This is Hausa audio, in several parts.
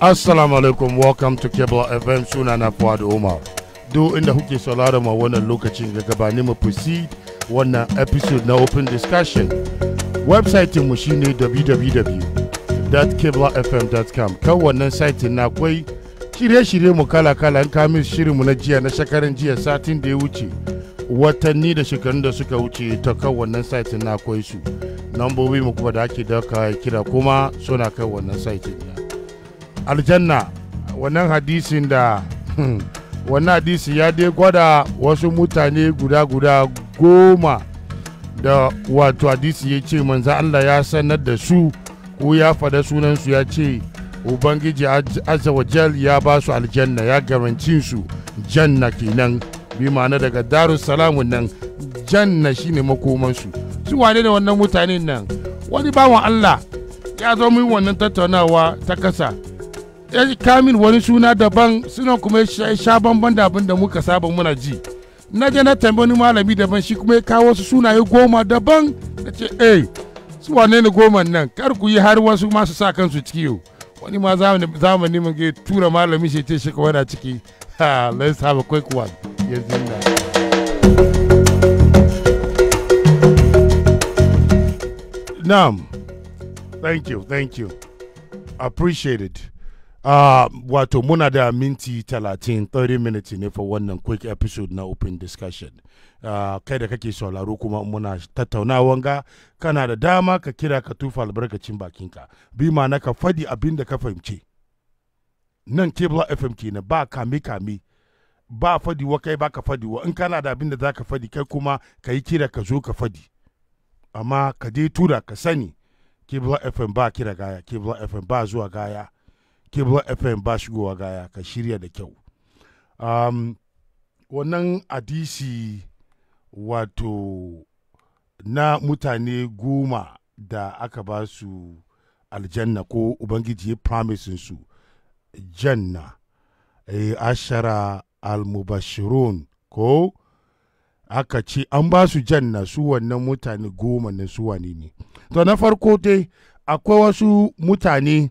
Assalamu alaikum, welcome to Kebla FM suna na Fuad Omar. Do inda kuke sauraron ma wannan lokacin ga gabanin mu proceed wannan episode na open discussion. Website mu shine www.kiblafm.com. Kan wannan site na akwai shirye-shirye mu kala-kala an kamin shirin mu na jiya na shekaran jiya satin da ya wuce. Watanni da shekarun da suka wuce ta kan wannan site na akwai su. Nambobi mu kuma da ake dauka kira kuma suna kan wannan site na. aljanna wannan hadisin da hmm, wannan hadisin ya dai gwada wasu mutane guda-guda goma da wato hadisi ya ce manzo Allah ya sanar da su ko ya fada sunansu ya ce ubangiji azza wa jal ya ba su aljanna ya garanci su janna kenan bi ma'ana daga darussalamun nan janna shine makomansu su wane da wannan mutanen nan wani bawan Allah ya zo mu wannan tattaunawa ta kasa ya kamin wani suna daban sunan kuma sha bamban da abin da muka saba muna ji na je na tambayi malami daban shi kuma ya kawo su sunaye goma daban na ce eh su wane ne goma nan kar ku yi har wasu masu sa kansu ciki yau wani ma zamani mun ga tura malami shi ce shi kawai da ciki ha let's have a quick one yanzu na Nam, thank you, thank you. Appreciate it. Ah, wato muna da minti 30 30 minutes ne fa wannan quick episode na open discussion uh, kai da kake sauraro kuma muna tattaunawan ga kana da dama ka kira ka tufa albarkacin bakinka bi na ka fadi abin da ka fahimce nan kebla fm kenan ba kame kame ba fadi wa kai ba ka fadi wa in kana da abin da za ka fadi kai kuma ka yi kira ka zo ka fadi amma ka dai tura ka sani kebla fm ba kira gaya kebla fm ba zuwa gaya cable fm ba shigowa gaya ka shirya da kyau um, wannan adisi wato na mutane goma da aka ba su aljanna ko ubangiji ya su janna e, ashara almubashirun ko aka ce an ba su janna su wannan mutane goma na su ne to na farko dai akwai wasu mutane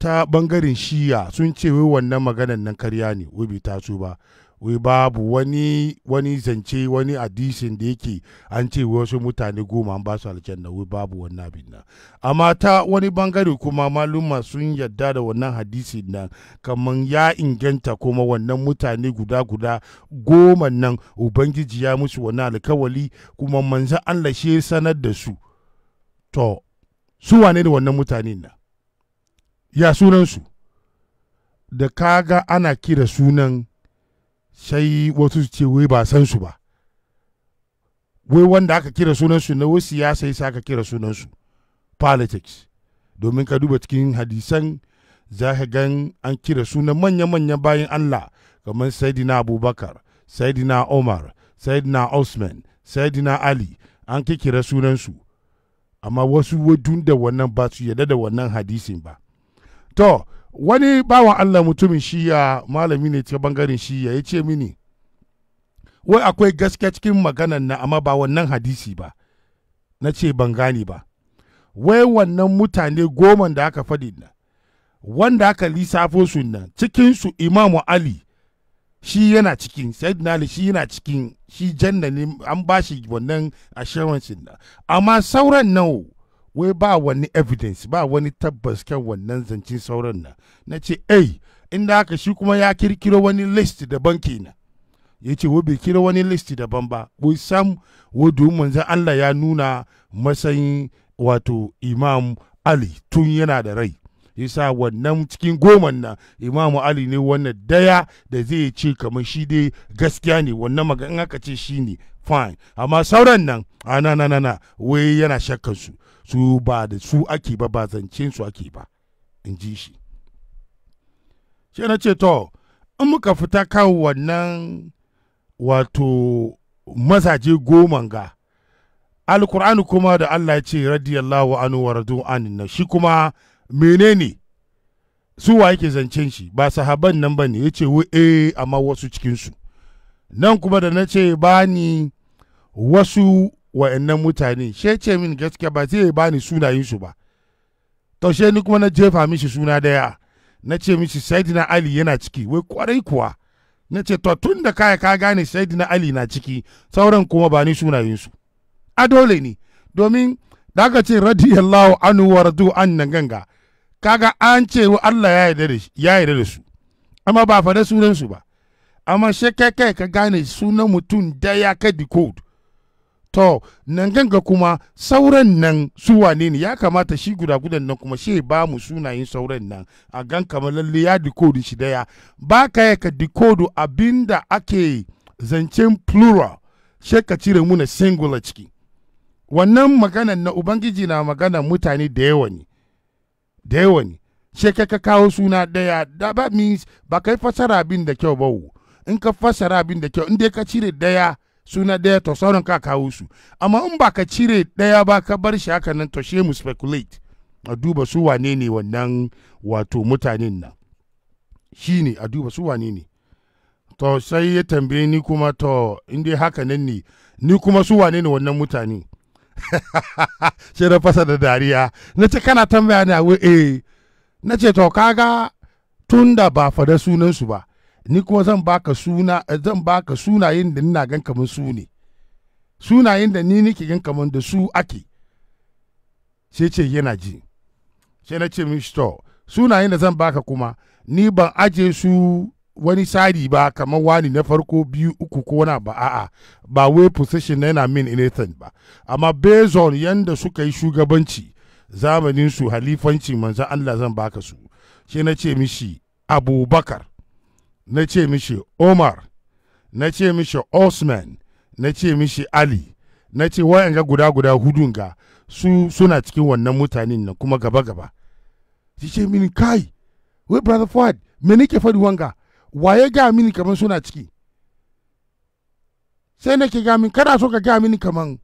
ta bangaren shiya sun ce wai wannan maganan nan karya ne wai bai taso ba wai babu wani wani zance wani addition da yake an ce wasu mutane goma an ba su aljanna wai babu wannan abin nan amma ta wani bangare kuma maluma sun yadda da wannan hadisi nan kamar ya inganta kuma wannan mutane guda guda goma nan ubangiji ya musu wani alkawali kuma manzo Allah shi sanar da su to su wane ne wannan mutanen nan ya sunansu da kaga ana kira sunan shai wasu su ce wai ba san su ba wai wanda aka kira sunansu na wasu siyasa yasa aka kira sunansu politics domin ka duba cikin hadisan za ka gan an kira sunan manya-manyan bayan Allah kamar Saidina Abubakar, Saidina Omar, Saidina Osman, Saidina Ali an kikira sunansu amma wasu wadun da wannan ba su yadda da wannan hadisin ba. to wani bawan allah mutumin shiya malami ne ta bangaren shiya ya ce mini wai akwai gaske cikin maganan na amma ba wannan hadisi ba na ce ban gane ba wai wannan mutane goma da aka faɗi na wanda aka lissafo su nan cikinsu imamu ali shi yana cikin na ali shi yana cikin shi janna ne an ba shi wannan assurance na amma sauran nan wai ba wani evidence ba wani tabbas kan wannan zancen sauran nan na ce in inda haka shi kuma ya kirkiro wani list daban kenan ya ce wai bai kira wani list daban ba wai sam wadu manzan Allah ya nuna matsayin wato imam Ali tun yana da rai yasa wannan cikin goman na imamu ali ne wannan daya da zai ce kamar shi dai gaskiya ne wannan magana aka ce shi ne fine amma sauran nan ana na na na wai yana shakkan su su ba da su ake ba ba zancen su ake ba in ji shi shi na ce to in muka fita kan wannan wato mazaje goman ga alkur'ani kuma da allah ya ce radiyallahu anhu wa radu na shi kuma menene su wa yake zancen shi ba sahaban nan ba ne ya ce eh amma wasu cikinsu nan kuma da na ce ba ni wasu wa'annan mutane she ce min gaskiya ba zai bani ni sunayensu ba to she ni kuma na jefa mishi suna daya na ce mishi saidina ali yana ciki wai kwarai kuwa na ce to tun da kaya ka gane saidina ali na ciki sauran kuma ba ni sunayensu a dole ne domin da aka ce radiyallahu anhu wa radu an nan ganga kaga an ce wa Allah ya yarda da su amma ba fa da sunan ba amma she kai kai ka gane sunan mutum da ya ka decode to nan ganga kuma sauran nan su wane ne ya kamata shi guda gudan nan kuma shi ba mu sunayen sauran nan a gan kamar lalle ya dikodu shi daya ba ka ya ka dikodu abinda ake zancen plural shi ka cire muna singular ciki wannan magana na ubangiji na magana mutane da yawa ne da yawa ne shi ka kawo suna daya da means ba kai fasara abin da kyau ba in ka fasara abin da kyau in dai ka cire daya suna ɗaya to sauran ka kawo su amma in ba ka cire ɗaya ba ka bar shi haka nan to mu speculate a duba su wane ne wannan wato mutanen nan shi ne a duba su wane ne to sai ya tambaye ni kuma to in dai haka nan ne ni kuma su wane ne wannan mutane shi da fasa da dariya na ce kana tambaya ne a eh na ce to kaga tun da ba fada sunansu ba ni kuma zan baka suna zan baka sunayen da nina gan kaman su ne sunayen da ni nake gan kaman da su ake sai ce yana ji sai na ce mishi to sunayen da zan baka kuma ni ban aje su wani sari ba kamar wani na farko biyu uku ko na ba a'a ba wai position na yana mean anything ba amma based on yanda suka yi shugabanci zamanin su halifanci manzo Allah zan baka su sai na ce mishi abubakar na ce mishi Omar, na ce mishi Osman, na ce mishi Ali, na ce wa'yanga guda-guda hudun ga su suna cikin wannan mutanen nan kuma gaba-gaba. Shi ce mini kai, wai brother Fuad, me nake faɗi wanga, waye ga mini kamar suna ciki? Sai nake ga mini, kada so ka ga mini kamar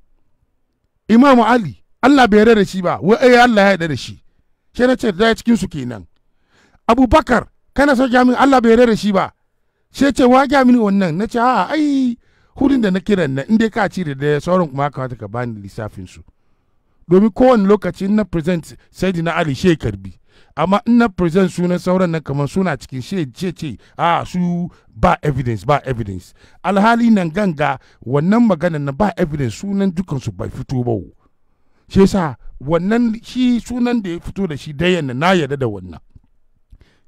Imam Ali, Allah bai yarda da shi ba, wai ai eh, Allah ya yarda da shi. Sai na ce da cikin su kenan. Abubakar, kana so ga mini Allah bai yarda da shi ba, sai ce wa gya mini wannan na ce a ai hudin da na kiran na in da ka ci da sauran kuma kamata ka bani lissafin su domin kowane lokaci na present sai na ali she karbi amma in na present sunan sauran nan kamar suna cikin she ce ce a su ba evidence ba evidence alhali nan ganga wannan magana na ba evidence sunan dukansu bai fito ba shi yasa wannan shi sunan da ya fito da shi dayan na yarda da wannan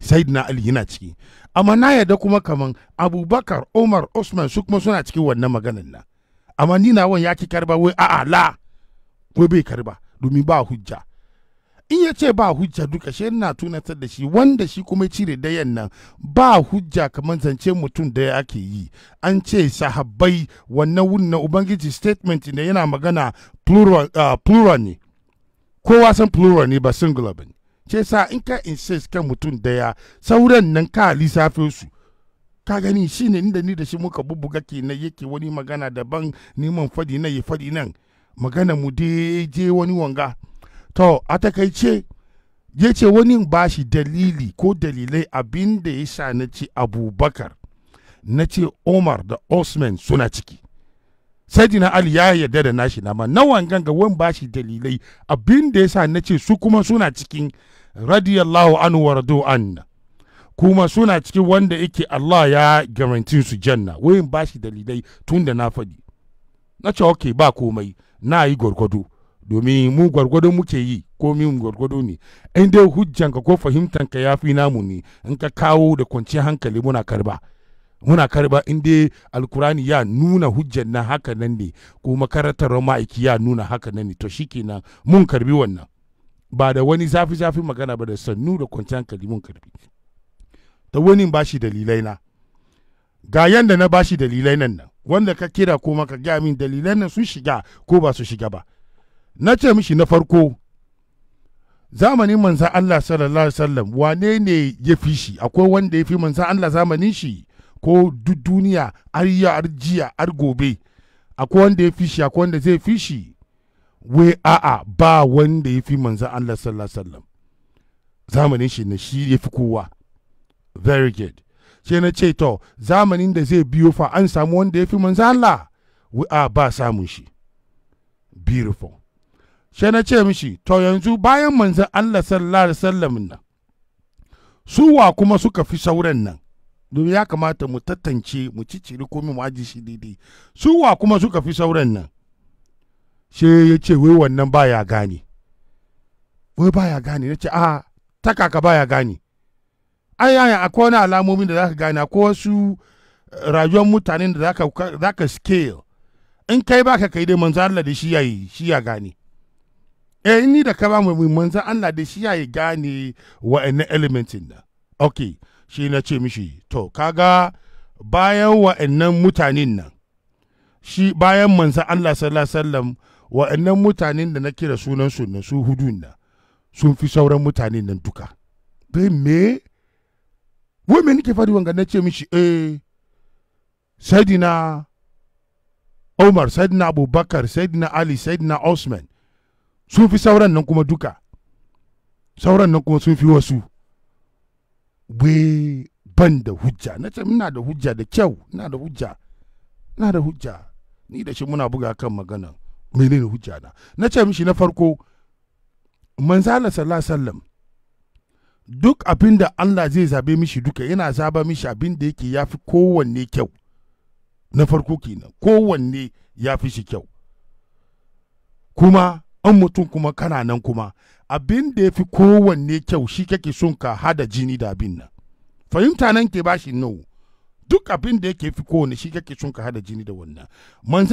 sayyidina ali yana ciki amma na yarda kuma kaman abubakar umar usman su kuma suna cikin wannan maganan nan amma ni na wani ya ki karba wai a'a la ko bai karba domin ba hujja in ya ce ba hujja duka shi na tunatar da shi wanda shi kuma ya cire dayan nan ba hujja kamar zance mutum da ake yi an ce sahabbai wannan wunna na ubangiji statement ne yana magana plural, uh, plural ne kowa san plural ne ba singular ba ne ce sa in ka insist kan mutum daya sauran nan ka lissafe su ka gani shine inda ni da shi muka bubuga ke na yake wani magana daban neman fadi na ya fadi nan magana mu je wani wanga to a takaice ya ce wani ba shi dalili ko dalilai abin da ya sa na ce abubakar na ce omar da osman suna ciki saidina ali ya yarda da nashi nama nawan ganga wani ba shi dalilai abin da ya sa na ce su kuma suna cikin radiyallahu anhu wa radu anna kuma suna cikin wanda yake Allah ya garanti su janna wayin bashi dalilai tun da na faɗi na ce okay ba komai na yi gwargwado domin mu gwargwado muke yi ko min gwargwado ne in dai hujjanka ko fahimtanka ya fi namu ne in ka kawo da kwanciyar hankali muna karba muna karba in dai alkurani ya nuna hujjan na haka nan ne ko makarantar ma'aiki ya nuna haka nan ne to shikenan mun karbi wannan ba da wani zafi zafi magana ba da sannu da kwanciyar kalimun karfi ta wani ba shi dalilai na ga yanda na ba shi dalilai nan nan wanda ka kira ko maka gaya min dalilai nan sun shiga ko ba su shiga ba na ce mishi na farko zamanin manza Allah sallallahu alaihi wasallam wane ne ya fi shi akwai wanda ya fi manza Allah zamanin shi ko duk duniya har jiya har gobe akwai wanda ya fi shi akwai wanda zai fi shi wai a'a ba wanda ya fi manzan Allah sallallahu sallam zamanin shi na shi ya fi kowa very good ce na ce to zamanin da zai biyo fa an samu wanda ya fi manzan Allah wai a ba samun shi beautiful ce na ce mishi to yanzu bayan manzan Allah sallallahu na nan wa kuma suka fi sauran nan domin ya kamata mu tattance mu cicciri komai mu aji shi daidai wa kuma suka fi sauran nan she ya ce wai wannan ba ya gane wai ba ya gane na ce a ta kaka ya gane ai yaya akwai wani alamomin da zaka gane ko wasu eh, rayuwar mutanen da za ka scale in kai baka kai dai manzo Allah da shi yayi shi ya gane eh ni da ka ba mu manzo Allah da shi yayi gane wa'annan elementin da okay shi na ce mishi to kaga bayan wa'annan mutanen nan shi bayan manzo Allah sallallahu alaihi wasallam wa'annan mutanen da na kira sunan su na su hudu na sun fi sauran mutanen nan duka bai me wai me nake faɗi wanga na ce mishi eh saidina Umar saidina Abubakar saidina Ali saidina Osman sun fi sauran nan kuma duka sauran nan kuma sun fi wasu bai ban da hujja na ce muna da hujja da kyau ina da hujja ina da hujja ni da shi muna buga kan magana menene hujja na na ce mishi na farko Allah sallallahu sallam duk abin da Allah zai zabe mishi duka yana zaba mishi abin da yake yafi kowanne kyau na farko kenan kowanne yafi shi kyau kuma an mutum kuma kana nan kuma abin da ya fi kowanne kyau shi kake son ka hada jini da abin nan fahimta nan ke bashi no duk abin da yake fi kowanne shi kake son ka hada jini da wannan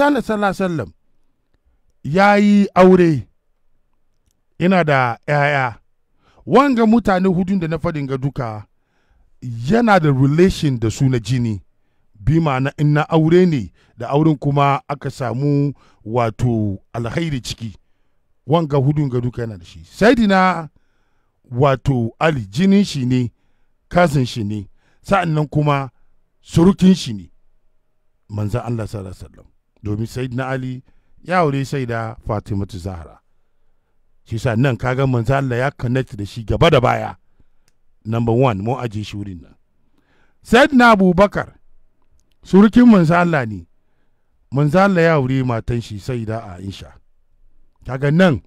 Allah sallallahu sallam ya yi aure yana da ‘ya'ya wanga mutane hudun da na faɗin ga duka yana da relation da su na jini bi ma'ana in na aure ne da auren kuma aka samu wato alhairi ciki wanga hudun ga duka yana da shi saidina wato ali jinin shi ne kasin shi ne sa'an nan kuma surukin shi ne manzan allah sallallahu alaihi wasallam domin saidina ali ya aure sai da fatimatu zahra shi sa nan kaga manzo Allah ya connect da shi gaba da baya number one mu aje shi wurin nan na abubakar surukin manzo Allah ne manzo Allah ya aure matan shi sai da aisha kaga nan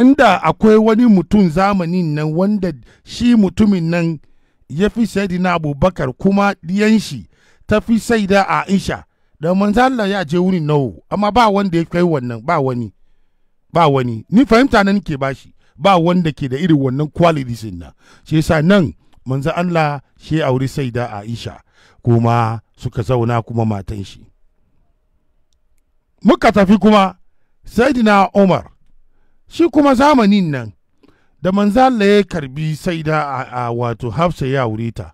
inda akwai wani mutum zamanin nan wanda shi mutumin nan ya fi sayyidina abubakar kuma diyan shi ta fi sai aisha da manzan Allah ya je wurin nawo amma ba wanda ya kai wannan ba wani ba wani ni fahimta nan ke bashi ba wanda ke da irin wannan qualities na shi yasa nan manzo Allah shi aure sai da Aisha kuma suka zauna kuma matan shi muka tafi kuma Saidina Umar shi kuma zamanin nan da Allah ya karbi sai da a wato hafsa ya aure ta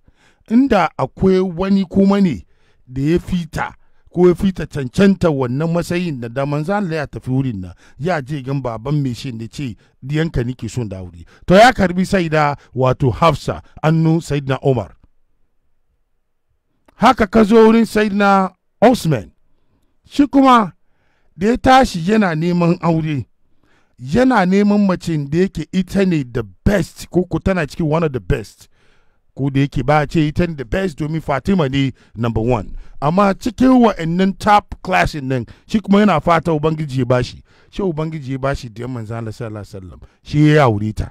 inda akwai wani kuma ne da ya fita ko ya fita cancanta wannan matsayin da da manzo Allah ya tafi wurin nan ya je gan baban me shi ne ce diyanka nike son da wuri to ya karbi saida wato Hafsa annu Sayyidina Umar haka ka zo wurin Sayyidina Osman shi kuma da ya tashi yana neman aure yana neman mace da yake ita ne the best ko ko tana cikin one of the best ko da yake ba ce ita ne the best domin Fatima ne number one amma cikin wa'annan top class nan shi kuma yana fata ubangiji ya bashi shi ubangiji ya bashi da yamman Allah sallallahu sallam shi ya aure ta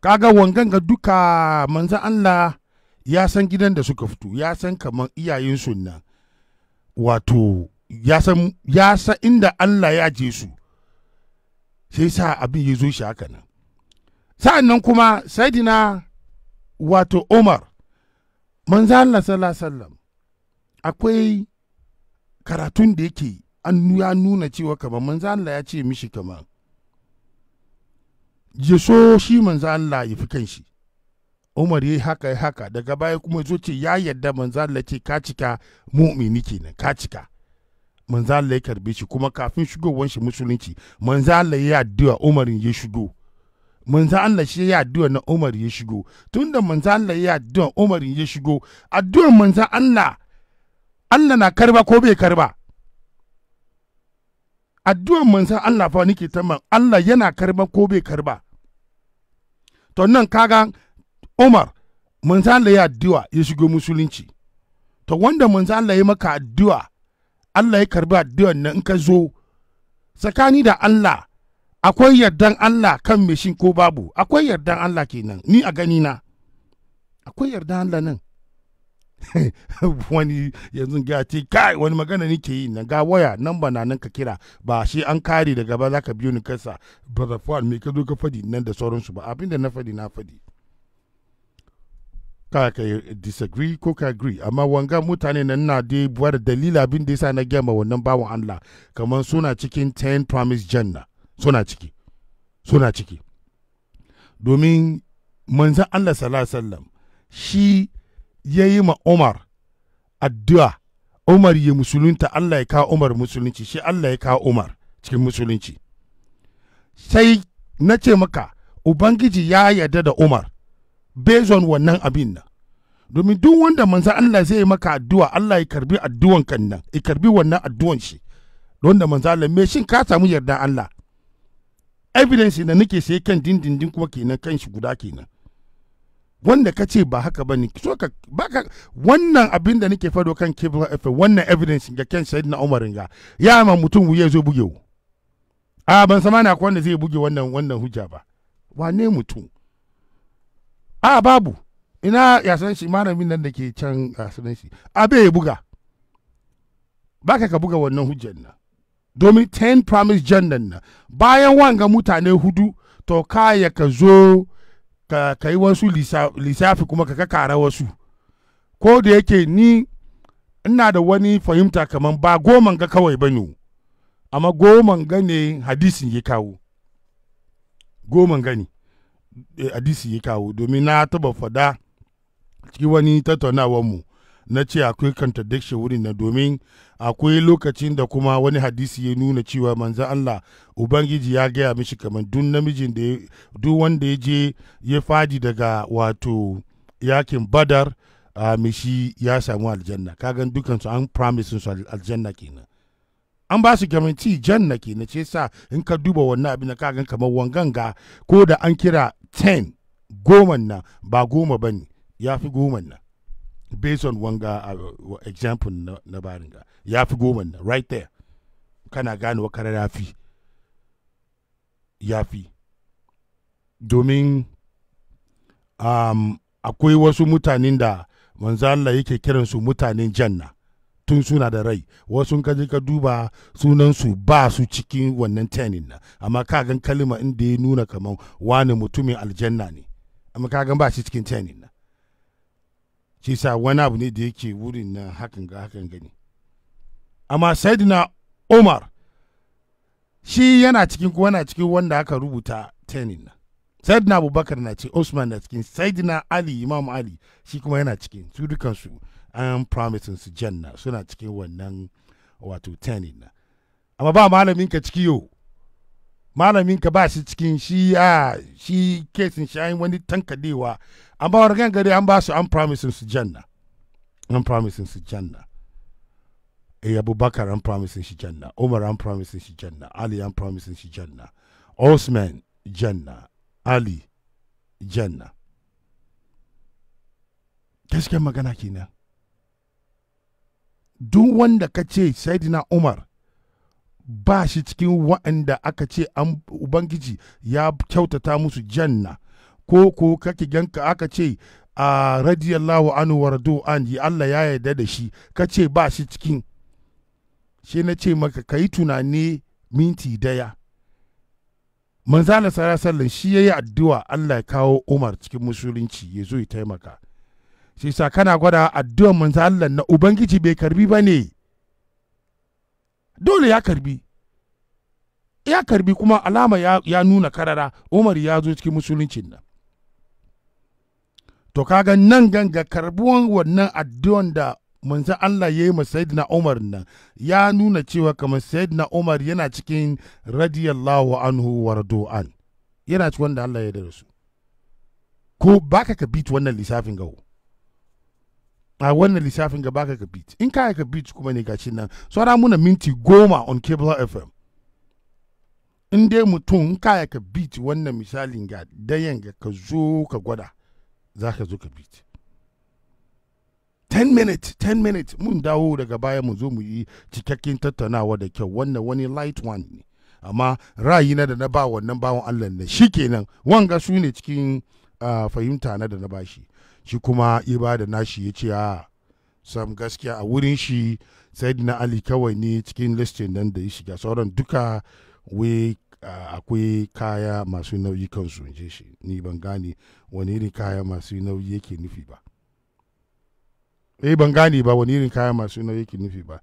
kaga wangan ga duka manzo Allah ya san gidan da suka fito ya san kaman iyayen sunna wato ya san ya san inda Allah ya je su sai sa abin ya zo shi haka nan sa'an nan kuma saidina wato Umar manzo Allah sallallahu sallam akwai karatun da yake an ya nuna cewa kamar manzo Allah ya ce mishi kamar ya so shi manzo Allah ya fi kan shi Umar ya haka ya haka daga baya kuma zo ce ya yadda manzo Allah ce ka cika mu'mini kenan ka cika manzo Allah ya karbe shi kuma kafin shigowar shi musulunci manzo Allah ya addu'a Umar ya shigo manzo Allah shi ya addu'a na Umar ya shigo tunda manzo Allah ya addu'a Umar ya shigo addu'ar manzo Allah Allah na karba ko bai karba addu'an manzan Allah fa nake ta man Allah yana karba ko bai karba to nan kaga Umar manzan Allah ya addu'a ya shigo musulunci to wanda manzan Allah ya maka addu'a Allah ya karba addu'an nan in ka zo tsakani da Allah akwai yardan Allah kan meshin ko babu akwai yardan Allah kenan ni a gani na akwai yardan Allah nan wani yanzu ga ce kai wani magana nake yi na ga waya nan ba na nan ka kira ba shi an kare daga ba zaka biyo ni kansa brother Fuad me ka zo ka fadi nan da sauransu ba abinda na fadi na fadi ka ka disagree ko ka agree amma wanga mutane nan na dai buwar dalila abin da yasa na gama wannan bawan Allah kamar suna cikin 10 promise janna suna ciki suna ciki domin manzan Allah sallallahu alaihi wasallam shi ya yi ma Umar addu'a Umar ya musulunta Allah ya kawo Umar musulunci shi Allah ya kawo Umar cikin musulunci sai na ce maka Ubangiji ya yarda da Umar bezon wannan abin nan domin duk wanda manzan Allah zai yi maka addu'a Allah ya karbi addu'an kan nan ya karbi wannan addu'an shi wanda manzan Allah me shin ka samu yarda Allah evidence na nake sai kan dindindin kuma kenan kan shi guda kenan wanda ka ce ba haka ba ne so ka baka wannan abin da nake fado kan cable efe wannan evidence ga ken na umarin ga ya ma mutum wuya zo buge wu a ban sama na wanda zai buge wannan wannan hujja ba wane mutum a babu ina ya san shi malamin nan da ke can a sunan shi a bai buga baka ka buga wannan hujjar nan domin 10 promise jannan nan bayan wanga mutane hudu to kaya ka zo ka, ka yi wasu lissafi kuma ka kakara wasu ko da yake ni ina da wani fahimta kamar ba goman ga kawai ba ne amma goman ga ne hadisin ya kawo goman gani eh, hadisi ya kawo domin na taba fada cikin wani tattaunawar mu na ce akwai contradiction wurin na domin akwai lokacin da kuma wani hadisi ya nuna cewa manzan Allah Ubangiji ya gaya mishi kamar dun namijin da duk wanda ya je ya fadi daga wato yakin badar a mishi ya samu aljanna kagan dukansu an promise su aljanna kenan an ba su gamanci janna kenan ce sa in ka duba wannan abin kagan kamar wanganga ko da an kira 10 goma nan ba goma bane ya fi goma nan based on wanga uh, example na, na baringa ya fi goma na right there kana gane wakarar ya fi ya fi domin um, akwai wasu mutanen da manzo Allah yake kiransu mutanen janna tun suna da rai wasu ka je ka duba sunansu ba su cikin wannan tenin na amma ka gan kalma inda ya nuna kaman wani mutumin aljanna ne amma ka gan ba shi cikin tenin na shi sa wani abu ne da yake wurin nan hakan ga hakan gani amma saidina umar shi yana cikin ko yana cikin wanda aka rubuta tenin nan saidina abubakar na ce usman na cikin saidina ali imam ali shi kuma yana cikin su dukansu an promising su janna suna cikin wannan wato tenin nan amma ba malamin ka ciki yau malamin ka ba shi cikin shi a shi kesin shi an wani tankadewa amma wargan gari an ba su an promising su janna an promising su janna eh abubakar an promising shi janna umar an promising shi janna ali an promising shi janna osman janna ali janna gaskiyar magana kenan duk wanda ka ce saidina umar ba shi cikin wa'anda aka ce an ubangiji ya kyautata musu janna ko ko kake ganka aka ce a ah, radiyallahu anu wardu an yi Allah ya yarda da shi ka ce ba shi cikin shi na ce maka ka yi tunani minti daya manzala sarasallin shi ya yi addu'a Allah ya kawo Umar cikin musulunci ya zo ya taimaka shi sa kana gwada addu'ar manzalan na ubangiji bai karbi ba ne dole ya karbi ya karbi kuma alama ya, ya nuna karara umar ya zo cikin musuluncin nan to kaga nan ganga karbuwan wannan addu'an da manzan Allah ya yi ma Sayyidina Umar nan ya nuna cewa kamar Sayyidina Umar yana cikin radiyallahu anhu wa radu'an yana cikin wanda Allah ya da su ko baka ka bit wannan lissafin gawo a wannan lissafin gaba ka beat in ka ka beat kuma ne gashi nan saura muna minti goma on cable fm in dai mutum in ka ka beat wannan misalin ga dayan ga ka zo ka gwada za ka zo ka beat 10 minutes 10 minutes mun dawo daga baya mu zo mu yi cikakken tattaunawa da kyau wannan wani light one ne amma ra'ayina da na ba wannan bawan allah na shi kenan wanga su ne cikin uh, fahimta na da na bashi shi kuma ibada nashi ya ce a ah, sam gaskiya a wurin shi na ali kawai ne cikin listin nan da ya shiga sauran duka wai akwai kaya masu nauyi kansu in shi ni ban gane wani irin kaya masu nauyi yake nufi ba eh ban gane ba wani irin kaya masu nauyi yake nufi ba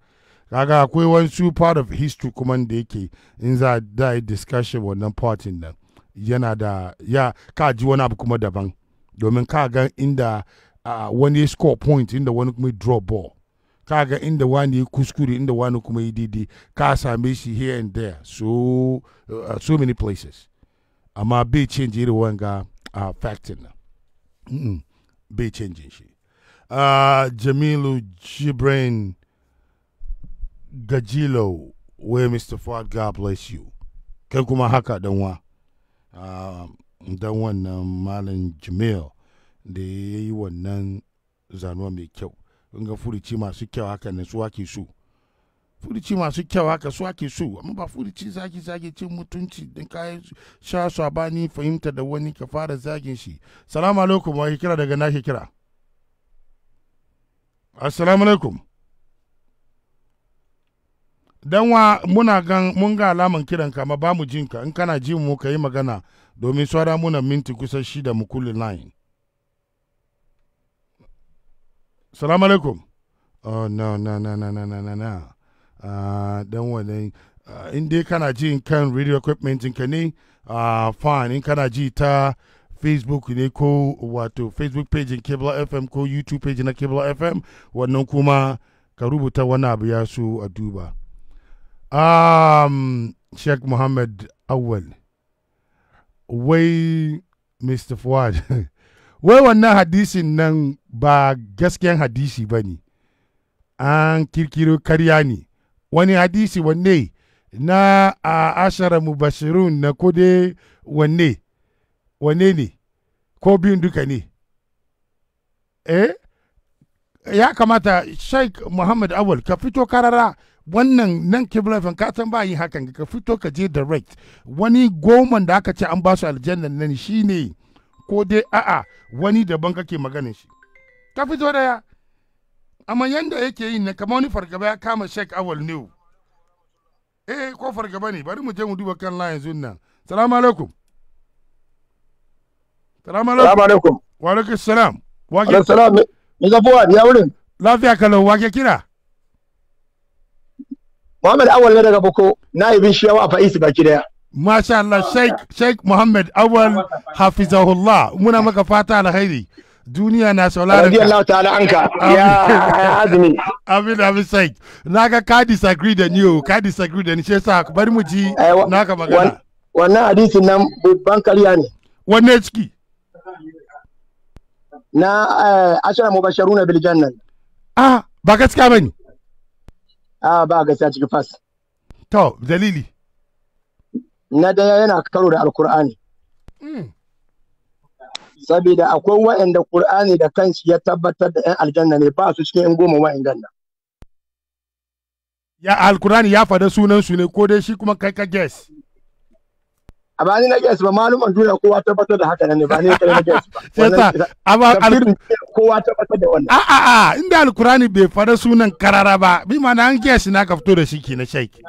kaga akwai wasu part of history kuma da yake in za a yi discussion wannan partin nan yana da ya ka ji wani abu kuma daban domin ka ga inda wani wani score point inda wani kuma drop ball ka ga inda wani kuskure inda wani kuma yi didi. ka same shi here and there so uh, so many places amma bai change irin wanga uh, factor na mm -mm. bai change shi uh, jamilu jibrin gajilo where mr ford god bless you kai kuma haka danwa um, don wannan malam jimil da ya yi wannan zanuwa mai kyau ga furici masu kyau haka ne su ake so furici masu kyau haka su ake so amma ba furici zagi zagi cin mutunci don kayan sha su a bani fahimta da wani ka fara zagin shi salamu alaikum wa kira daga nashi kira assalamu alaikum dan wa muna gan mun ga alaman kiran ka ba mu jin ka in kana ji mu ka yi magana domin saura muna minti kusa shida mu kulle line salamu alaikum oh no no no no no no no uh, dan wa dai uh, in dai kana ji kan radio equipment ka ne uh, fine in kana ji ta facebook ne ko wato facebook page in kibla fm ko youtube page na kibla fm wannan kuma ka rubuta wani abu ya so a duba Um, Sheikh Muhammad Awal, wai Mr. Fuad, wai wannan hadisin nan ba gaskiyan hadisi ba ne, an kirkiro karya ne, wani hadisi wanne na a ashara mubashirun na kode wanne, wanne ne, ko biyun duka ne. Eh, ya kamata Sheikh Muhammad Awal ka fito karara wannan nan kiblafin ka san ba yi hakan ka fito ka je direct wani goman da aka ce an ba su aljannan nan shine ko dai a'a wani daban kake maganin shi ka fito daya amma yanda yake yin na kamar wani fargaba ya kama Sheikh Awal New eh ko fargaba ne bari mu je mu duba kan la yanzu nan salamu alaikum salamu alaikum wa alaikum salam wa alaikum salam ya wurin lafiya kalau wa ke kira Muhammad Awal na daga Boko na naibin shi yawa fa'isi baki daya. Masha Allah Sheikh Sheikh Muhammad Awal Hafizahullah muna maka fata alkhairi. Duniya na sauraron ka. Allah ta'ala anka. Ya azumi. Amin amin Sheikh. Na ga ka disagree da ni o, ka disagree da ni shi yasa bari mu ji eh, naka magana. Wannan hadisin nan babban kariya ne. Wanne ciki? Na eh, Ashara Mubasharuna bil Jannah. Ah ba gaskiya bane. a ba gaskiya cikin fas to dalili na daya yana karo da alkur'ani hmm. saboda akwai wa'anda kur'ani da kanshi ya tabbatar da 'yan aljanna ne ba su cikin 'yan goma wa'annan ya alkur'ani ya faɗa sunan su ne ko dai shi kuma kai ka guess a ba ni na gaisu ba maluman duniya kowa tabbatar da haka ne ba ni na gaisu ba sai amma kowa tabbatar da wannan a a a inda alkurani bai fara sunan karara ba bi ma na an gaisu na ka fito da shi ke na shaiki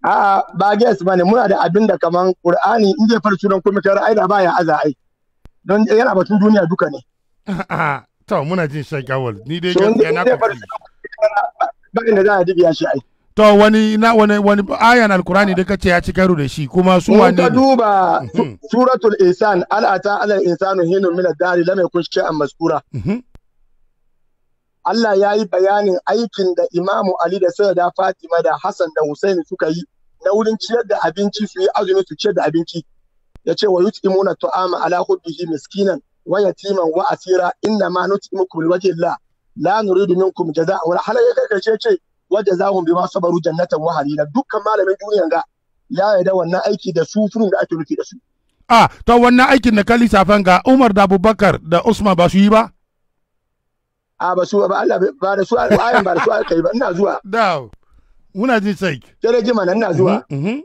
a ba gaisu ba ne muna da abin da kaman qur'ani in zai fara sunan kuma kai ra'ayi da baya aza ai don yana batun duniya duka ne to muna jin shaikawal ni dai gaskiya na ka ba inda za a dibiya shi ai to wani na wani wani ayan alkurani da kace ya ci karo da shi kuma su wani ka duba hmm. suratul insan an ata alal insanu hinu min ad-dari lam yakun shay'an maskura hmm. Allah ya yi bayanin aikin da Imamu Ali da Sayyida Fatima da Hassan da Hussein suka yi na wurin ciyar da abinci su yi azumi su ciyar da abinci yace wa yut'imuna tu'ama ala hubbihi miskinan wa yatiman wa asira inna ma nut'imukum liwajhi Allah la nuridu minkum jazaa'a wala halaka kace ce wadda za mu bi ma sabaru jannatan wahali na dukkan malamin duniyan ga ya yarda wannan aiki da su sunun da ake nufi da su a to wannan aikin da ka lissafan ga Umar da Abubakar da Usman ba su yi ba a ba su ba Allah ba da su ayan ba da su yi ba ina zuwa da muna jin sai sai ji mana ina zuwa mhm, mhm.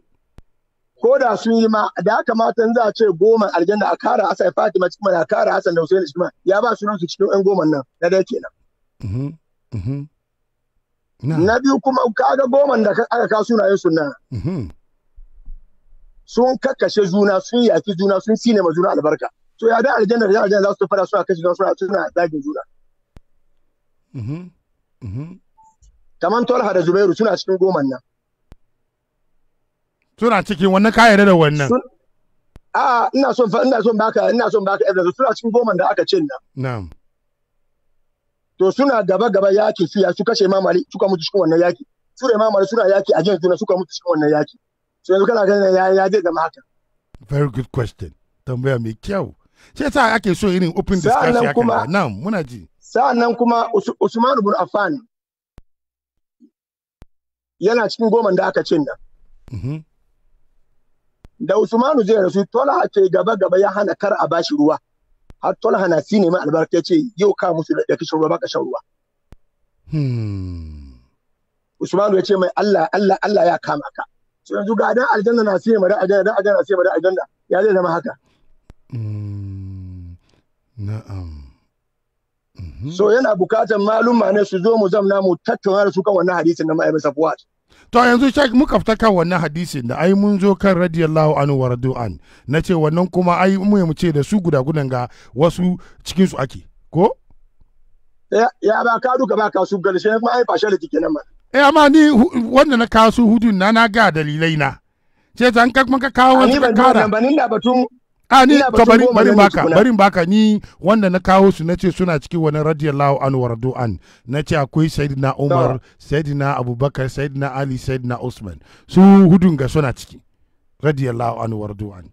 ko da sun yi ma da haka matan za a ce goma aljanna a kara Hassan Fatima cikin a kara Hassan da Hussein Ismail ya ba sunan su cikin 'yan goma nan da dai kenan mhm, Na biyu kuma kaga goman da aka ka sunayen sunna. Mhm. Sun kakkashe juna sun yaki juna sun sine ma juna albarka. To ya da aljanna da aljanna za su fara suna kashe juna suna suna zagin juna. Mhm. Mhm. Kaman Tolha da Zubairu suna cikin goman nan. Suna cikin wannan ka yarda da wannan. A ah, ina son ina son baka ina son baka suna cikin goman da aka ce nan. Na'am. to suna gaba gaba yaki su ya su kashe mamali suka mutu cikin wannan yaki da mamali suna yaki a jinsu juna suka mutu cikin wannan yaki so yanzu kana ganin ya ya zai zama haka very good question tambaya mai kyau shi yasa ake so irin open discussion haka kuma na'am muna ji sa'annan kuma Usman bin Affan yana cikin goma da aka cin nan mm-hmm. da Usmanu zai rasu tola ke gaba gaba ya hana kar a bashi ruwa har tolha na si neman albarka ya ce yau ka musu da kishin ruwa baka shan ruwa hmm. Usmanu ya ce mai Allah Allah Allah ya kama ka so yanzu ga dan aljanna na si mara aljanna dan aljanna na si mara aljanna ya zai zama haka hmm. na'am mhm. so yana bukatan maluma ne su zo mu zamna mu tattauna da su kan wannan hadisin na Ma'aibin safuwa to yanzu shek muka fita kan wannan hadisin da ai mun zo kan radiyallahu anhu wa an na ce wannan kuma ai mu ce da su guda gudan ga wasu cikin su ake ko ya ba ka duka ba ka su galshe ma ai fashaliti kenan ma eh amma ni wanda na kawo su hudun na na ga dalilai na ce ta an ka kawo wani ka kara ba ni da batun a ni to bari bari baka bari baka ni wanda na kawo su nace suna cikin wani radiyallahu anhu wardu an nace akwai sayyidina Umar sayyidina Abubakar sayyidina Ali sayyidina Usman su hudun ga suna ciki radiyallahu anhu wardu an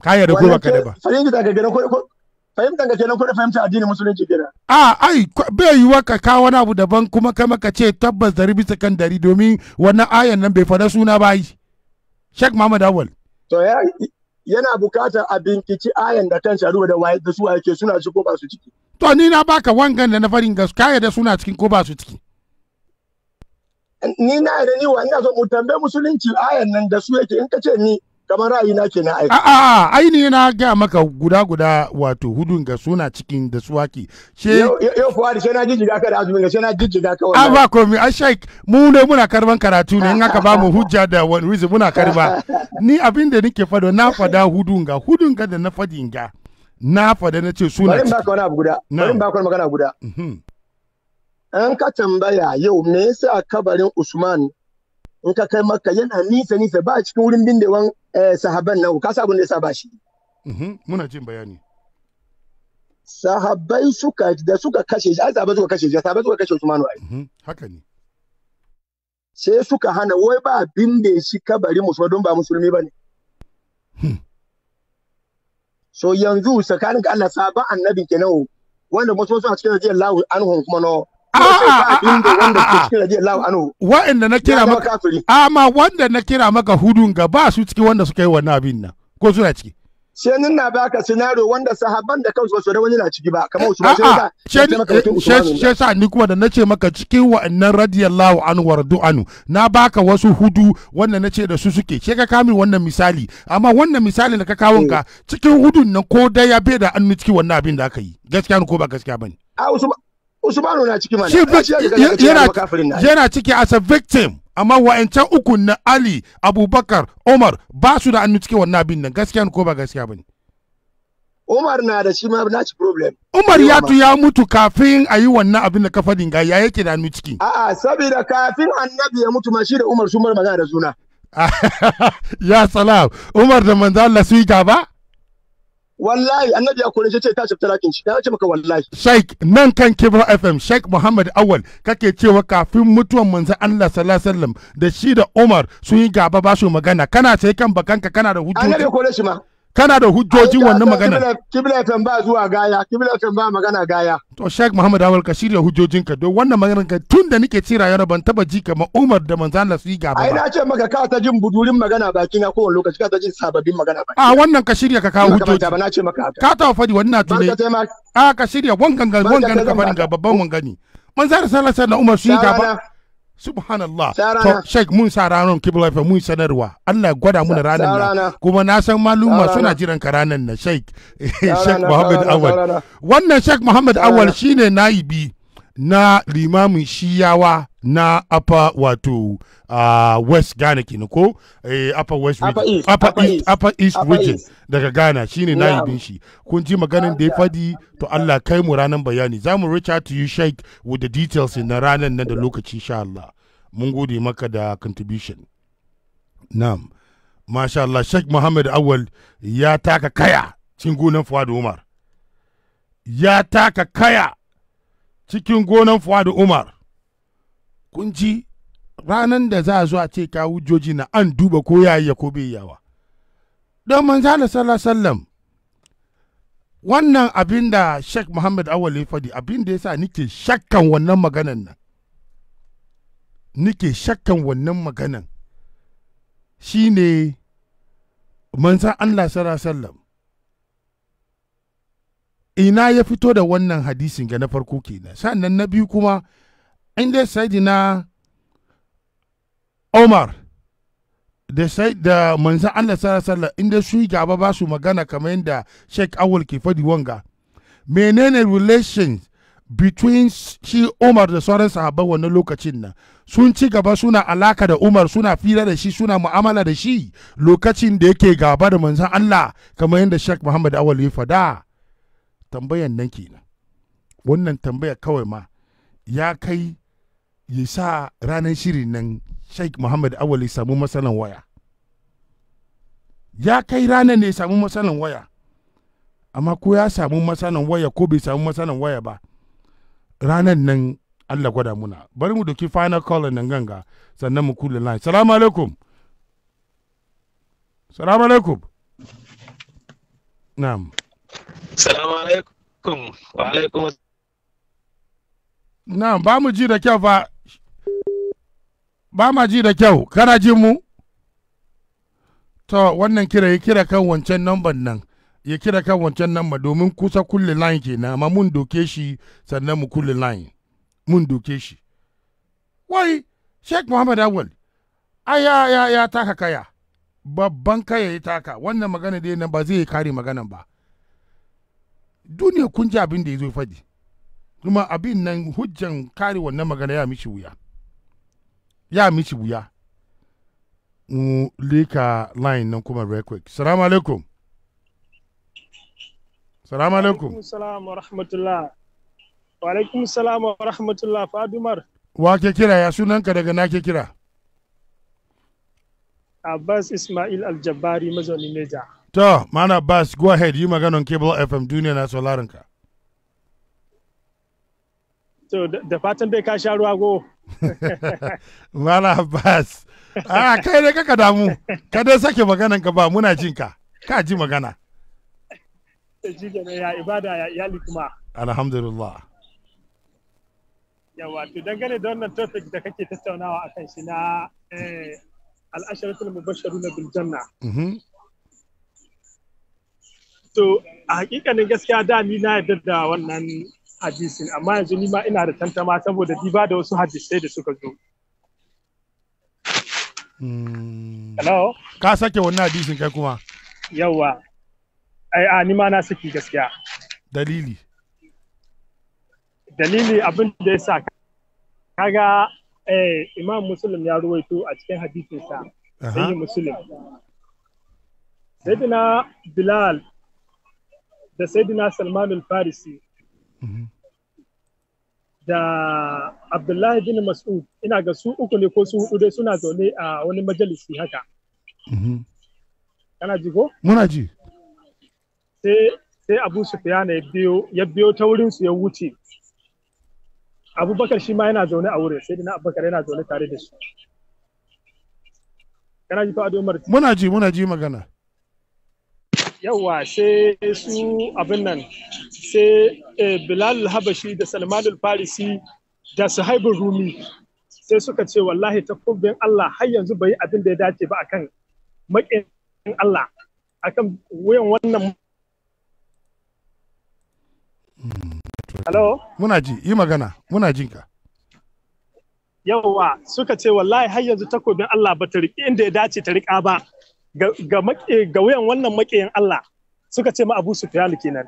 kaya da gobe kada ba fahimta ga gidan ko fahimta ga kenan ko da fahimta addinin musulunci kenan a ai bai waka ka wani abu daban kuma kai maka ce tabbas dari bisa kan dari domin wannan ayan nan bai fada suna ba yi Sheikh Muhammad Awal to yana bukatar a binkici ayan da kan ruwa da waye da su ake suna ci ko ba su ciki to ni na baka wangan da na farin gas kaya da suna cikin ko ba su ciki ni na da ni wa zo so mu tambaye musulunci ayan nan da su yake in ka ce ni kamar ra'ayi na kenan aiki a'a ai ne na ga maka guda guda wato hudun ga suna cikin da suwaki she yau fa da sai na jijjiga ka da azumi ga sai na jijjiga ka wannan a ba komai a sheik mu ne muna karban karatu ne in aka ba mu hujja da wani reason muna karba ni abin da nake fado na fada hudun ga hudun ga da na fadin ga na fada na ce suna bari ba ka wani abu guda bari ba ka wani magana guda an mhm. ka tambaya yau me yasa kabarin Usman in ka kai maka yana nisa nisa ba cikin wurin bindewan Eh, sahaban nan ka sa abin da ya saba ba shi mhm, muna jin bayani sahabbai suka da suka kashe shi ai sahabbai suka kashe shi sahabbai suka kashe Usmanu ai mhm, haka ne sai suka hana wai ba da shi kabari musulmi don ba musulmi ba ne? Hmm. so yanzu tsakanin Allah sabon annabi kenan wanda musulmi suna cikin rajiyar lahu anhum kuma no wa'anda na kira maka amma wanda na kira maka hudun ga ba su ciki wanda suka yi wannan abin nan ko suna ciki sai nin na baka scenario wanda sahabban da kansu basu da wani na ciki ba kamar Usman eh, sai sai eh, sa ni kuma da na ce maka cikin wa'annan radiyallahu anhu wardu anu na baka wasu hudu wanda na ce da su suke sai ka kamin wannan misali amma wannan misali da ka kawo ka eh. cikin hudun nan ko da ya bai da annu ciki wannan abin da aka yi gaskiya ko ba gaskiya bane a Usman Usmanu na ciki mana. yana ciki as a victim. Amma wa'ancan uku na Ali, Abubakar, Umar ba su da annu cikin wannan abin nan gaskiya ko ba gaskiya ba ne. Umar na da shi ma na ci problem. Umar ya tu ya mutu kafin a yi wannan abin da ka ga ya yake da annu ciki. A'a saboda kafin annabi ya mutu ma shi da Umar sun bar magana da suna. ya salam Umar da manzo Allah su yi gaba? wallahi annabi ya kore shi ce ta shafta lakin shi ta ce maka wallahi sheik nan kan kibra fm sheik muhammad awal kake cewa kafin mutuwan manzon allah sallallahu alaihi wasallam da shi da umar sun yi gaba ba su magana kana sai kan bakanka kana da hujjoji annabi ya kore shi ma kana da hujjojin wannan magana Kibletan ba zuwa gaya kibletan ba magana gaya to sheikh muhammad awal ka shirya hujjojin ka don wannan maganar ka tun da nake ci rayuwar ban taba ji kamar umar da manzan Allah su yi gaba ai na ce maka ka ta jin budurin magana baki na kowane lokaci ka ta jin sababbin magana baki a wannan ka shirya ka kawo hujjoji ba na ce maka ka ta fadi wannan tune a ka shirya wangan wangan ka farin ga babban wangani Manzan Allah sallallahu alaihi wasallam umar su yi gaba subhanallah to sheik mun sa ranar kibla fa mun sanarwa Allah ya gwada mu ranar nan kuma na san maluma suna jiran ka ranar na sheik sheik muhammad awal wannan sheik muhammad awal shine naibi na limamin shiyawa na upper wato uh, west ghana kenan ko eh, upper west upper region east, upper, upper east, east upper east upper region east. daga ghana shine na yi shi kun ji maganin da ya fadi to Allah kai mu ranan bayani za mu reach out to you sheik with the details na ranan nan da lokaci insha Allah mun gode maka da contribution na'am masha Allah sheik Muhammad Awal ya taka kaya cikin gonan Fuad Umar ya taka kaya cikin gonan Fuad Umar kun ji ranan da za a zo a ce ka hujjoji na an duba ko ya yi ko bai yawa don manzo da sallallahu wannan abin da Sheikh Muhammad awali ya faɗi abin da yasa nike shakkan wannan maganan nan nike shakkan wannan maganan shine manza Allah sallallahu ina ya fito da wannan hadisin ga na farko kenan sannan na biyu kuma inda sayidina Umar da sai da manzo Allah sallallahu inda su yi gaba ba su magana kamar yadda Sheikh Awul ke fadi wanga menene relations between shi Umar da sauran sahabban wannan lokacin nan sun ci gaba suna alaka da Umar suna fira da shi suna mu'amala da shi lokacin da yake gaba da manzan Allah kamar yadda Sheikh Muhammad Awul ya fada tambayan nan kenan wannan tambaya kawai ma ya kai ya sa ranar shirin nan sheikh muhammad awali samu matsalan waya ya kai ranar ne samu matsalan waya amma ko ya samu matsalan waya ko bai samu matsalan waya ba ranar nan allah gwada muna bari mu doki final call nan ganga sannan mu kula line salamu alaikum salamu alaikum na'am salamu alaikum wa alaikum na'am ba mu ji da kyau fa ba ma ji da kyau kana ji mu to wannan kira ya kira kan wancan namban nan ya kira kan wancan namba domin kusa kulle line kenan amma mun doke shi sannan mu kulle line mun doke shi wai sheikh muhammad awal aya ya ya taka kaya babban kaya ya taka wannan magana dai nan ba zai kare maganan ba duniya kun ji abin da ya zo fadi kuma abin nan hujjan kare wannan magana ya mishi wuya ya mishi wuya mu lika line nan kuma real quick salamu alaikum salamu alaikum salamu wa rahmatullah wa alaikum salamu wa rahmatullah fadumar wa ke kira ya sunanka daga na ke kira Abbas Ismail Aljabari mazaunin Neja. To, Mana Abbas, go ahead, yi maganon Cable FM duniya na solarinka To, da fatan dai ka sha ruwa go. Mala Abbas. A ah, kai dai kaka damu, ka dai sake maganan ka ba muna jin ka, ka ji magana. Ji ya ibada ya iyali kuma. Alhamdulillah. Yawa, to dangane da wannan topic da kake tattaunawa a kan shi na eh, al'asharatul bil Janna. Mhm. To, a hakikanin gaskiya da ni na yarda da wannan hadisin amma yanzu ni ma ina da tantama saboda ba da wasu hadisai da suka zo hmm. hello ka sake wannan hadisin kai kuma Yawwa, ai a ni ma na saki gaskiya dalili dalili abin da ya sa kaga eh imam muslim ya ruwaito a cikin sa. sai muslim sayyidina bilal da sayyidina salman al-farisi da Abdullahi bin Mas'ud ina ga su uku ne ko su hudu dai suna zaune a wani majalisi haka. Mhm. Kana ji ko? Muna ji. Sai Abu Sufiyana ya biyo ta wurin su ya wuce. Abubakar shi ma yana zaune a wurin sai dina Abubakar yana zaune tare da su. Kana ji ko Ado Umar? Muna ji muna ji magana. Yawa sai su abin nan sai eh, bilal habashi da Salman farisi da suhaibun rumi sai suka ce wallahi takobin allah har yanzu bai abin da ya dace ba akan makin allah akan wuyan wannan hmm. Hello? Muna ji, yi magana, muna jinka. Yawwa suka ce wallahi har yanzu takobin Allah ba ta riƙi inda ya dace ta riƙa ba ga wuyan wannan maƙiyin Allah suka ce ma Abu Sufyan kenan.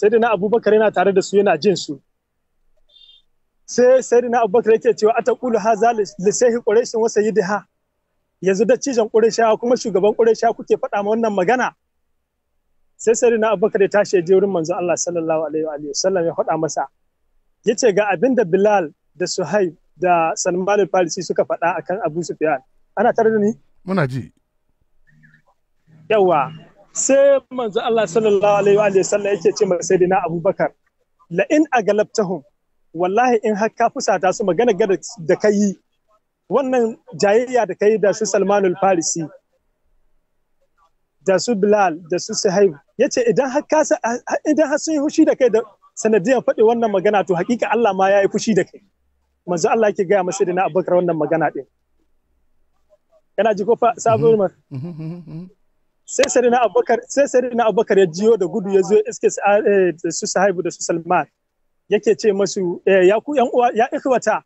sai na abubakar yana tare da su yana jin su sai sai na abubakar yake cewa ata kulu haza lisahi quraishin wa ha? yanzu da cijan kuma shugaban quraishawa kuke faɗa ma wannan magana sai sai na abubakar ya tashi ya je wurin manzon Allah sallallahu alaihi wa alihi Sallam ya faɗa masa yace ga abin da Bilal da Suhaib da Salman farisi suka faɗa akan Abu Sufyan ana tare da ni muna ji yawa sai manzo Allah sallallahu alaihi wa sallam yake ce mai sayyidina Abubakar la in agalabtahum wallahi in har ka fusata su magana gada da kai wannan jayayya da kai da su Salmanul Farisi da su Bilal da su Suhaib yace idan har ka idan har sun yi fushi da kai da sanadiyan faɗi wannan magana to hakika Allah ma ya yi fushi da kai manzo Allah yake gaya masa da na Abubakar wannan magana din kana ji ko fa sabuwar sai sai na abubakar sai na abubakar ya jiyo da gudu ya zo iske eh, su sahibu da su salman yake ce masu eh, ya ku yan uwa ya ikhwata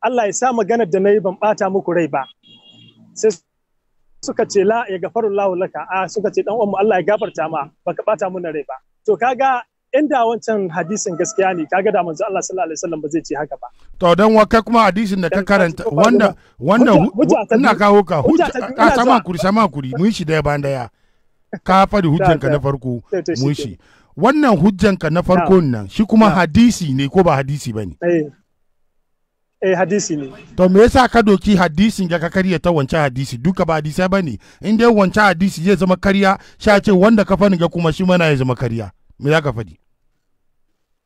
Allah ya sa magana da nayi ban bata muku rai ba sai suka ce la ya ga lahu laka a suka ce dan uwanmu Allah ya gafarta ma baka bata mun rai ba to kaga inda wancan hadisin gaskiya ne kaga da manzo Allah sallallahu alaihi wasallam ba zai ce haka ba to dan waka kuma hadisin da ka karanta wanda wanda ina kawo ka hujja a sama kuri sama kuri mun shi daya bayan daya ka faɗi hujjanka na farko mun shi wannan hujjanka na farko nan shi kuma hadisi ne ko ba hadisi ba ne eh. eh hadisi ne to me yasa ka doki hadisin ga ka karya ta wancan hadisi duka ba hadisi ba ne in dai wancan hadisi zai zama karya sha ce wanda ka fani ga kuma shi mana ya zama karya me za ka faɗi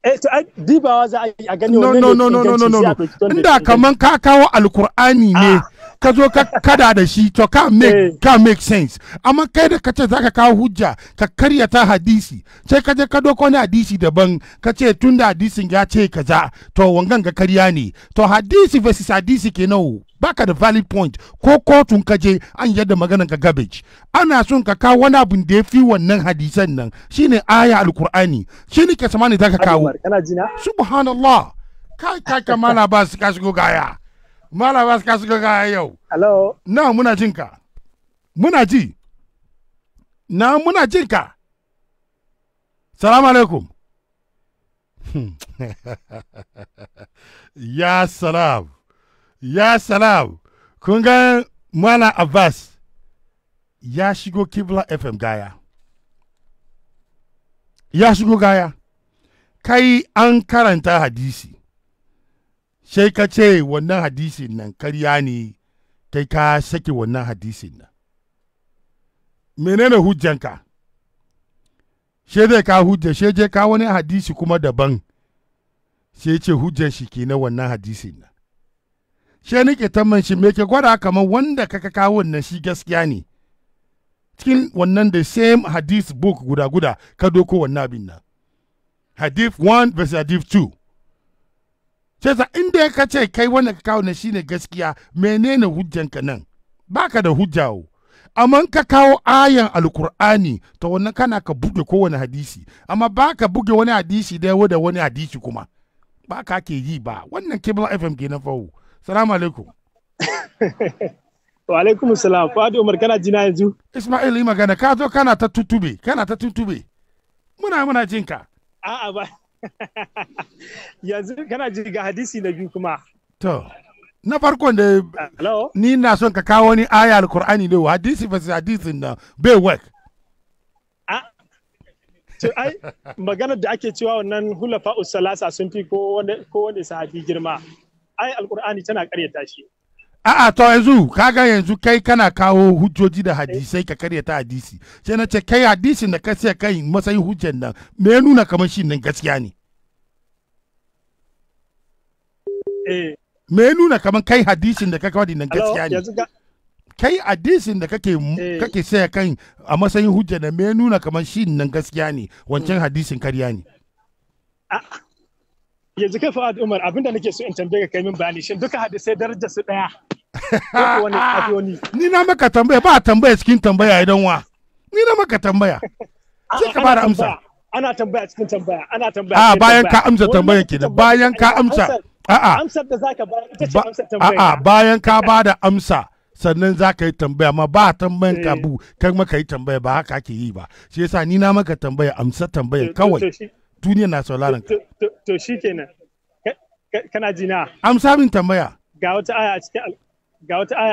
eh to dibawa za a gani wannan no no no no no no inda kaman ka kawo alkur'ani ne ah. ka zo ka kada da shi to ka make eh. ka make sense amma kai da kace zaka kawo hujja ka karya ta hadisi sai ka je ka doko wani hadisi daban kace ce tunda hadisin ya ce kaza to wangan ga karya ne to hadisi versus hadisi ke kenan baka da valid point ko kotun ka je an yadda maganan ka garbage ana son ka kawo wani abin da ya fi wannan hadisan nan shine aya alkur'ani shine ke samani zaka kawo subhanallah kai kai kamala ba su ka shigo gaya Mala Abbas ka shiga gaya yau. Hello. Na muna jin ka. Muna ji. Na muna jin ka. Salamu alaikum. ya salam. Ya salam. Kun ga Malam Abbas ya shigo Kibla FM gaya. Ya shigo gaya. Kai an karanta hadisi. sai ka ce wannan hadisin nan karya ne kai ka sake wannan hadisin nan menene hujjanka she zai ka hujja she je ka wani hadisi kuma daban sai ce hujjan shi ke na wannan hadisin nan she nike tamman shi me ke gwada kamar wanda kaka kawo wannan shi gaskiya ne cikin wannan the same hadith book guda-guda ka doko wannan abin nan hadith 1 verse hadith 2 sai sa inda ka ce kai wannan ka kawo na ne gaskiya menene hujjanka nan baka da hujja o amma ka kawo ayan alkur'ani to wannan kana ka buge kowane hadisi amma baka buge wani hadisi da yawo da wani hadisi kuma ba ka ke yi ba wannan kibla fm ke na fawo salamu alaikum wa alaikum salam fadi umar kana jina yanzu ismail yi magana ka zo kana ta tutube kana ta tutube muna muna jinka a'a ba yanzu kana ji ga hadisi na biyu kuma to na farkon da ni na son ka kawo ni aya al-Qur'ani ne hadisi ba hadisin na bai work to ai maganar da ake cewa wannan hulafa usalasa sun fi kowane sahabi girma ai al-Qur'ani tana karyata shi A'a to yanzu ka ga yanzu kai kana kawo hujjoji da hadisai ka karya ta hadisi. Sai na ce kai hadisin da ka sai kai masai hujjan nan me nuna kamar shi nan gaskiya ne. Eh. Me nuna kamar kai hadisin da ka kawo nan gaskiya ne. Kai hadisin da kake eh. kake sai kai a masai hujja da me nuna kamar shi nan gaskiya ne wancan hadisin karya ne. yanzu kai fa'ad Umar abinda nake so in tambaye ka kai min bayani shin duka sai daraja su daya ni na maka tambaya ba tambaya cikin tambaya idan wa ni na maka tambaya sai ka da amsa ana tambaya cikin tambaya ana tambaya a bayan ka amsa tambayan ke bayan ka amsa a amsar da zaka ba ita ce amsar tambaya a bayan ka bada amsa sannan za ka yi tambaya ma ba tambayan kabu eh. kan maka yi tambaya ba haka ake yi ba shi yasa ni na maka tambaya amsa tambayan eh, kawai duniya na sauraron ka to shikenan kana jina. an samun tambaya ga wata aya a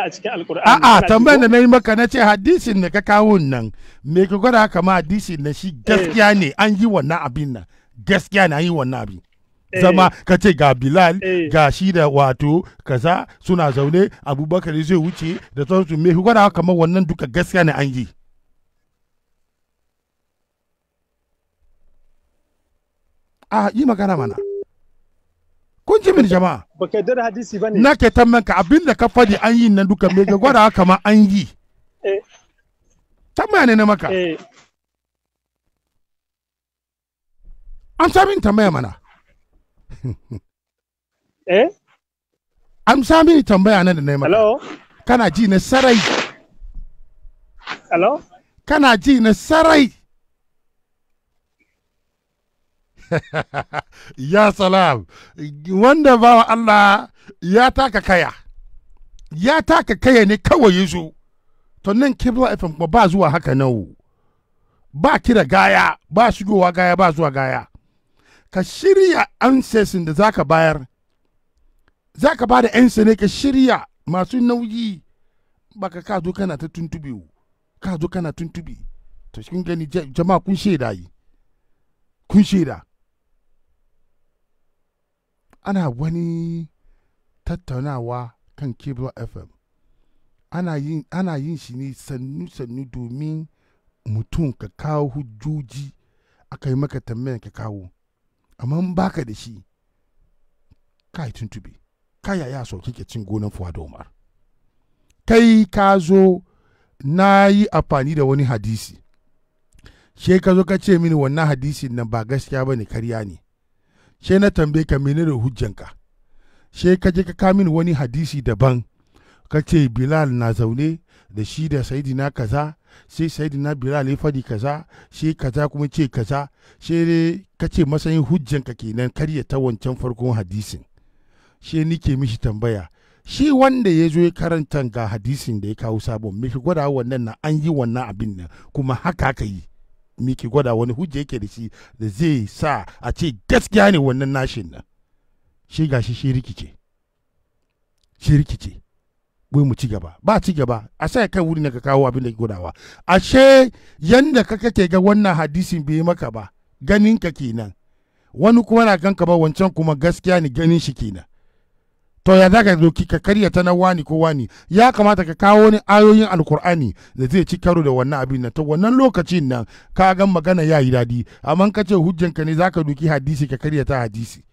cikin al. a a'a tambayar da na yi maka na ce hadisin da ka kawo nan me ka gwada haka ma hadisin na shi eh. gaskiya ne an yi wannan abin nan gaskiya ne an yi wannan abin eh. zama ka ce ga bilal eh. ga shi da wato kaza suna zaune abubakar zai wuce da sauransu me ka gwada haka ma wannan duka gaskiya ne an yi a ah, yi magana mana kun ji min jama'a baka hadisi bane na ke tammanka abin abinda ka fadi an yi nan duka me ga gwada haka ma an yi eh. tambaya ne na maka eh an samin tambaya mana eh an samin tambaya nan da na maka hello kana ji na sarai hello kana ji na sarai ya salam wanda bawa Allah ya taka kaya ya taka kaya ne kawai yanzu. to nan kibla fm kuma ba zuwa haka nawo ba kira gaya ba shigowa gaya ba zuwa gaya ka shirya ancestors da zaka bayar zaka ba da yansa ne ka shirya masu nauyi baka ka zo kana ta tuntube ka zo kana tuntube to kin gani jama'a kun shaida yi kun shaida ana wani tattaunawa kan cable fm ana yin, shi ne sannu-sannu domin mutum ka kawo hujjoji aka yi maka tambayan ka kawo amma ba ka da shi ka yi tuntube ka yaya sau kike cin gonan fuwa da umar kai ka zo na yi amfani da wani hadisi she ka zo ka ce mini wannan hadisin nan ba gaskiya ba ne karya ne she na tambaye ka menene hujjanka she ka je ka ka wani hadisi daban ka ce bilal na zaune da shi da sayidina kaza sai sayidina bilal ya fadi kaza shi kaza kuma ce kaza she ka ce matsayin hujjanka kenan karya ta wancan farkon hadisin she nike mishi tambaya shi wanda ya zo ya karanta ga hadisin da ya kawo sabon miki gwada wannan na an yi wannan abin nan kuma haka aka yi miki gwada wani hujja yake da shi da zai sa a ce gaskiya ne wannan nashin nan shi ga shi rikice shi rikice gwai mu ci gaba ba ci gaba a ya kai wuri ne ka kawo abin da ke ashe yanda ka kake ga wannan hadisin bai maka ba ganin ka kenan wani kuma na kanka ba wancan kuma gaskiya ne ganin shi kenan to ya za ka doki ka karya ta na wani ko wani ya kamata ka kawo wani ayoyin alkur'ani da zai ci karo da wannan abin na ta wannan lokacin nan ka ga magana ya yi daɗi amma ka ce hujjanka ne za ka doki hadisi ka karya ta hadisi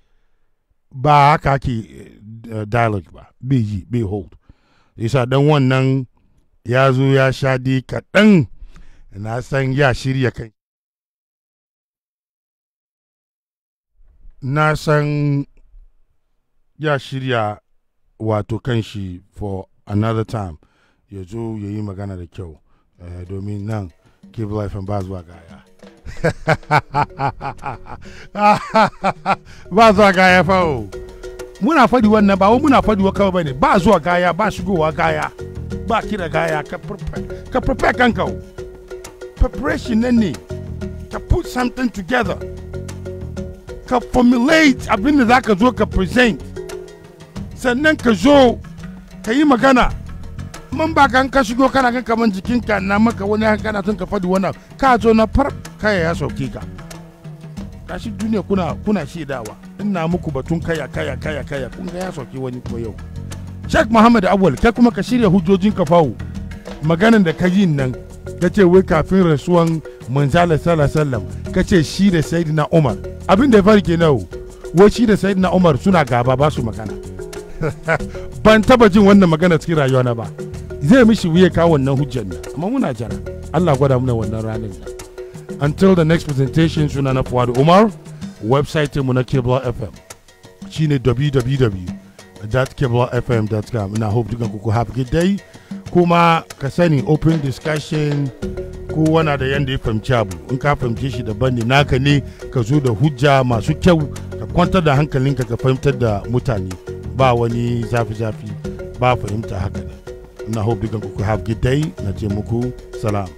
ba haka ake eh, dialogue ba bai yi bai hold isa dan wannan ya zo ya sha dai kaɗan na san ya shirya kai na san ya shirya wato kan shi for another time ya zo ya yi magana da kyau eh, domin nan keep life and ba zuwa gaya ba zuwa gaya fa muna faɗi wannan ba muna faɗi wa kawai bane ba zuwa gaya ba shigowa gaya ba kira gaya ka prepare kanka preparation nan ne ka put something together ka formulate abin da za ka zo ka present sannan ka zo ka yi magana mun ba kan ka shigo kana kan kaman jikinka na maka wani haka kana tun ka faɗi wannan ka zo na far kaya ya sauke ka kashi duniya kuna kuna shaidawa ina muku batun kaya kaya kaya kaya kun ga ya sauke wani kuma yau Sheikh Muhammad Awal kai kuma ka shirya hujjojin ka fawo maganan da ka yi nan ka ce wai kafin rasuwan manzala sallallahu ka ce shi da sayyidina Umar abin da ya farke nawo wai shi da sayyidina Umar suna gaba ba su magana ban taba jin wannan magana cikin rayuwa na ba zai mishi wuya kawo wannan hujjar na amma muna jira Allah gwada muna wannan ranar da until the next presentation suna na Fuad Umar website mu na Kebla FM shine www.kablafm.com na hope dukan ku have a good day kuma ka sani open discussion ko wana da yanda ya fahimci abu in ka fahimce shi daban ne naka ne ka zo da hujja masu kyau ka kwantar da hankalinka ka fahimtar da mutane ba wani zafi-zafi ba fahimta haka ne na hope bigan ku have good day na ce muku salam